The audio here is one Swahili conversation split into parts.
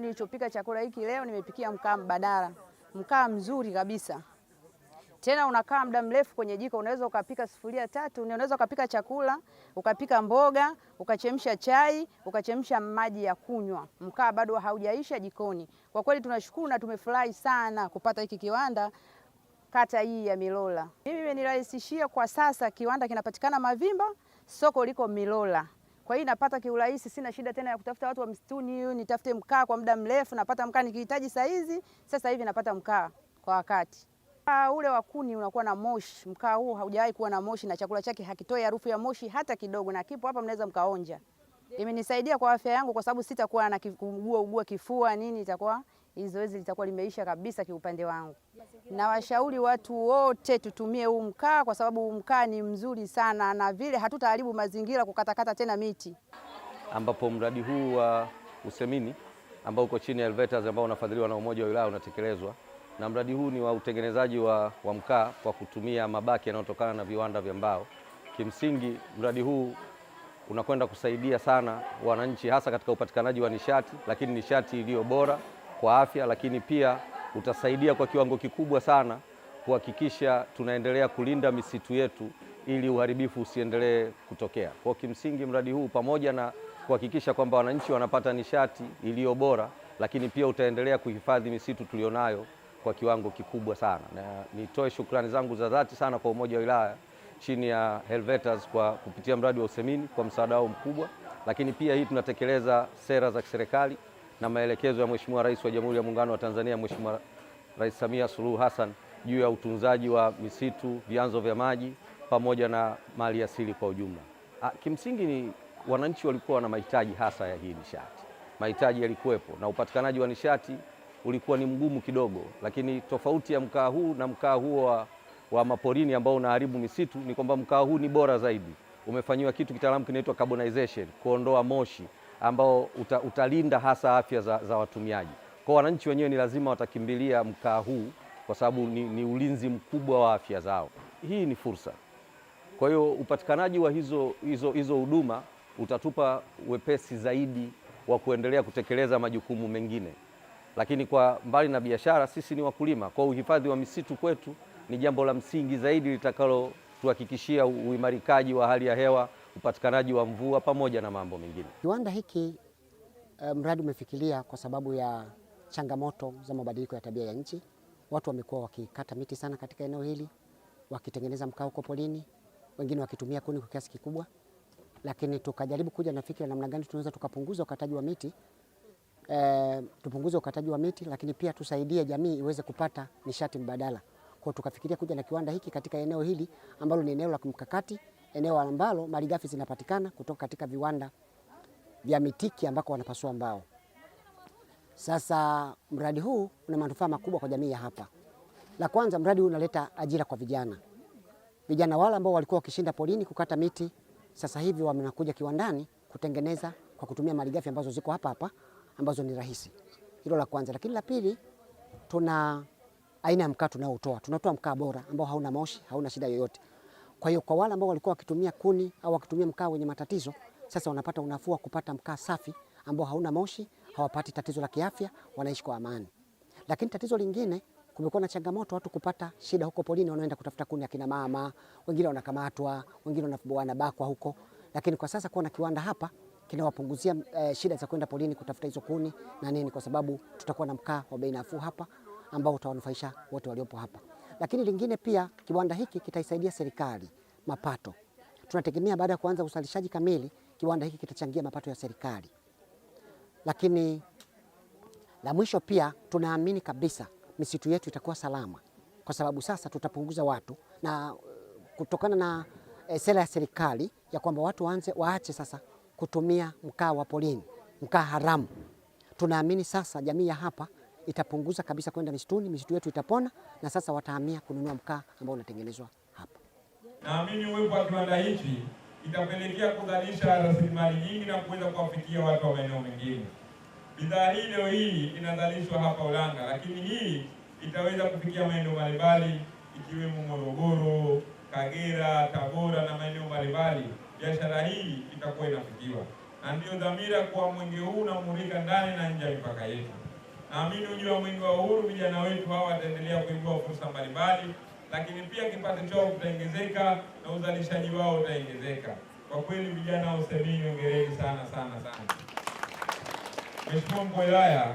ndio nilichopika chakula hiki leo, nimepikia mkaa mbadala, mkaa mzuri kabisa tena unakaa muda mrefu kwenye jiko. Unaweza ukapika sufuria tatu, unaweza ukapika chakula, ukapika mboga, ukachemsha chai, ukachemsha maji ya kunywa. Mkaa bado haujaisha jikoni. Kwa kweli tunashukuru na tumefurahi sana kupata hiki kiwanda kata hii ya Milola. Mimi imenirahisishia kwa sasa, kiwanda kinapatikana Mavimba, soko liko Milola. Kwa hiyo napata kiurahisi, sina shida tena ya kutafuta watu wa msituni, nitafute mkaa kwa muda mrefu. Napata mkaa nikihitaji saa hizi, sasa hivi napata mkaa kwa wakati. Mkaa ule wa kuni unakuwa na moshi, mkaa huu haujawahi kuwa na moshi na chakula chake hakitoi harufu ya moshi hata kidogo, na kipo hapa, mnaweza mkaonja. Imenisaidia kwa afya yangu, kwa sababu sitakuwa na kuugua ugua kifua nini, itakuwa hili zoezi litakuwa limeisha kabisa kiupande wangu. Na washauri watu wote tutumie huu mkaa, kwa sababu huu mkaa ni mzuri sana, na vile hatutaharibu mazingira kukatakata tena miti, ambapo mradi huu wa Usemini ambao uko chini ya Helvetas ambao unafadhiliwa na Umoja wa Wilaya unatekelezwa na mradi huu ni wa utengenezaji wa, wa mkaa kwa kutumia mabaki yanayotokana na viwanda vya mbao. Kimsingi mradi huu unakwenda kusaidia sana wananchi hasa katika upatikanaji wa nishati, lakini nishati iliyo bora kwa afya, lakini pia utasaidia kwa kiwango kikubwa sana kuhakikisha tunaendelea kulinda misitu yetu ili uharibifu usiendelee kutokea. Kwa kimsingi, mradi huu pamoja na kuhakikisha kwamba wananchi wanapata nishati iliyo bora, lakini pia utaendelea kuhifadhi misitu tulionayo kwa kiwango kikubwa sana, na nitoe shukrani zangu za dhati sana kwa Umoja wa Wilaya chini ya Helvetas kwa kupitia mradi wa usemini kwa msaada wao mkubwa, lakini pia hii tunatekeleza sera za kiserikali na maelekezo ya Mheshimiwa Rais wa Jamhuri ya Muungano wa Tanzania, Mheshimiwa Rais Samia Suluhu Hassan juu ya utunzaji wa misitu, vyanzo vya maji pamoja na mali asili kwa ujumla. A, ah, kimsingi ni wananchi walikuwa na mahitaji hasa ya hii nishati. Mahitaji yalikuwepo na upatikanaji wa nishati ulikuwa ni mgumu kidogo, lakini tofauti ya mkaa huu na mkaa huo wa, wa maporini ambao unaharibu misitu ni kwamba mkaa huu ni bora zaidi, umefanyiwa kitu kitaalamu kinaitwa carbonization, kuondoa moshi ambao uta, utalinda hasa afya za, za watumiaji. Kwa wananchi wenyewe ni lazima watakimbilia mkaa huu kwa sababu ni, ni ulinzi mkubwa wa afya zao. Hii ni fursa. Kwa hiyo upatikanaji wa hizo hizo hizo huduma utatupa wepesi zaidi wa kuendelea kutekeleza majukumu mengine. Lakini kwa mbali na biashara, sisi ni wakulima, kwa uhifadhi wa misitu kwetu ni jambo la msingi zaidi litakalotuhakikishia uimarikaji wa hali ya hewa upatikanaji wa mvua pamoja na mambo mengine. Kiwanda hiki eh, mradi umefikiria kwa sababu ya changamoto za mabadiliko ya tabia ya nchi. Watu wamekuwa wakikata miti sana katika eneo hili, wakitengeneza mkaa huko polini, wengine wakitumia kuni kwa kiasi kikubwa, lakini tukajaribu kuja na fikira namna gani tunaweza tukapunguza ukataji wa miti e, tupunguze ukataji wa miti, lakini pia tusaidie jamii iweze kupata nishati mbadala. Kwa tukafikiria kuja na kiwanda hiki katika eneo hili ambalo ni eneo la kimkakati eneo ambalo malighafi zinapatikana kutoka katika viwanda vya mitiki ambako wanapasua mbao. Sasa mradi huu una manufaa makubwa kwa jamii ya hapa. La kwanza, mradi huu unaleta ajira kwa vijana. Vijana wale ambao walikuwa wakishinda polini kukata miti, sasa hivi wamekuja kiwandani kutengeneza kwa kutumia malighafi ambazo ziko hapa hapa ambazo ni rahisi. Hilo la kwanza, lakini la pili, tuna aina ya mkaa tunaotoa. Tunatoa mkaa bora ambao hauna moshi, hauna shida yoyote. Kwa hiyo kwa wale ambao walikuwa wakitumia kuni au wakitumia mkaa wenye matatizo, sasa wanapata unafuu wa kupata mkaa safi ambao hauna moshi, hawapati tatizo la kiafya, wanaishi kwa amani. Lakini tatizo lingine, kumekuwa na changamoto watu kupata shida huko polini, wanaenda kutafuta kuni, akina mama wengine wanakamatwa, wengine wanabakwa huko. Lakini kwa sasa kuwa na kiwanda hapa kinawapunguzia eh, shida za kwenda polini kutafuta hizo kuni na nini, kwa sababu tutakuwa na mkaa wa bei nafuu hapa ambao utawanufaisha wote waliopo hapa. Lakini lingine pia kiwanda hiki kitaisaidia serikali mapato. Tunategemea baada ya kuanza uzalishaji kamili, kiwanda hiki kitachangia mapato ya serikali. Lakini la mwisho pia tunaamini kabisa misitu yetu itakuwa salama, kwa sababu sasa tutapunguza watu na eh, kutokana na e, sera ya serikali ya kwamba watu waanze waache sasa kutumia mkaa wa polini, mkaa haramu. Tunaamini sasa jamii ya hapa itapunguza kabisa kwenda misituni, misitu yetu itapona, na sasa watahamia kununua mkaa ambao unatengenezwa hapa. Naamini uwepo wa kiwanda hichi itapelekea kuzalisha rasilimali nyingi na kuweza kuwafikia watu wa maeneo mengine. Bidhaa hii leo hii inazalishwa hapa Ulanga, lakini hii itaweza kufikia maeneo mbalimbali ikiwemo Morogoro, Kagera, Tabora na maeneo mbalimbali. Biashara hii itakuwa inafikiwa, na ndiyo dhamira kuwa mwenge huu unamulika ndani na nje ya mipaka yetu. Naamini ah, ujio wa mwenge wa uhuru, vijana wetu hawa wataendelea kuibua fursa mbalimbali, lakini pia kipato chao kitaongezeka na uzalishaji wao utaongezeka. Kwa kweli, vijana wa Usebini, hongereni sana sana sana. Mheshimiwa mkuu wa wilaya,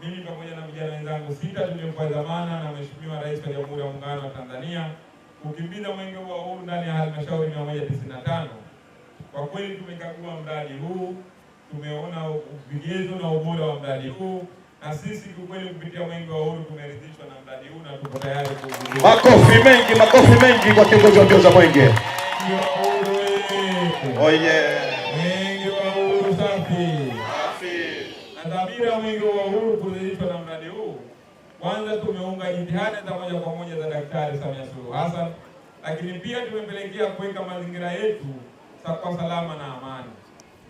mimi pamoja na vijana wenzangu sita tuliompa dhamana na Mheshimiwa Rais wa Jamhuri ya Muungano wa Tanzania kukimbiza mwenge wa uhuru ndani ya halmashauri 195. Kwa kweli tumekagua mradi huu, tumeona vigezo na ubora wa mradi huu na sisi kiukweli, kupitia mwenge wa uhuru tumerithishwa na mradi huu na tuko tayari. Makofi mengi, makofi mengi kwa kiongozi wa mbio za mwenge. Oye, mwenge wa uhuru safi. Na dhamira mwenge wa uhuru kurithishwa na mradi huu, kwanza tumeunga jitihada za moja kwa moja za Daktari Samia Suluhu Hassan, lakini pia tumepelekea kuweka mazingira yetu kwa salama na amani.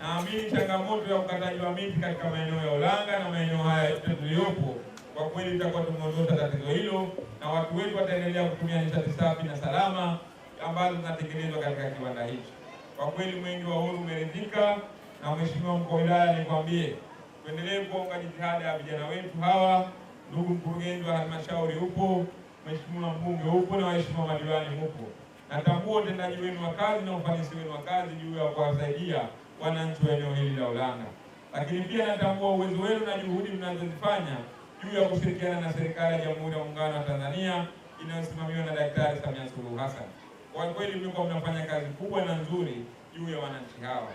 Naamini changamoto ya ukataji wa miti katika maeneo ya Ulanga na maeneo haya yote tuliyopo, kwa kweli itakuwa tumeondoza tatizo hilo, na watu wetu wataendelea kutumia nishati safi na salama ambazo zinatengenezwa katika kiwanda hicho. Kwa kweli mwenge wa uhuru umeridhika, na mheshimiwa mkuu wa wilaya, nikwambie tuendelee kuonga jitihada ya vijana wetu hawa. Ndugu mkurugenzi wa halmashauri upo, mheshimiwa mbunge upo, na waheshimiwa madiwani hupo, natambua utendaji wenu wa kazi na ufanisi wenu wa kazi juu ya kuwasaidia wananchi wa eneo hili la Ulanga, lakini pia natambua uwezo wenu na juhudi mnazozifanya juu ya kushirikiana na serikali ya Jamhuri ya Muungano wa Tanzania inayosimamiwa na Daktari Samia Suluhu Hassan. Kwa kweli mlikuwa mnafanya kazi kubwa na nzuri juu ya wananchi hawa.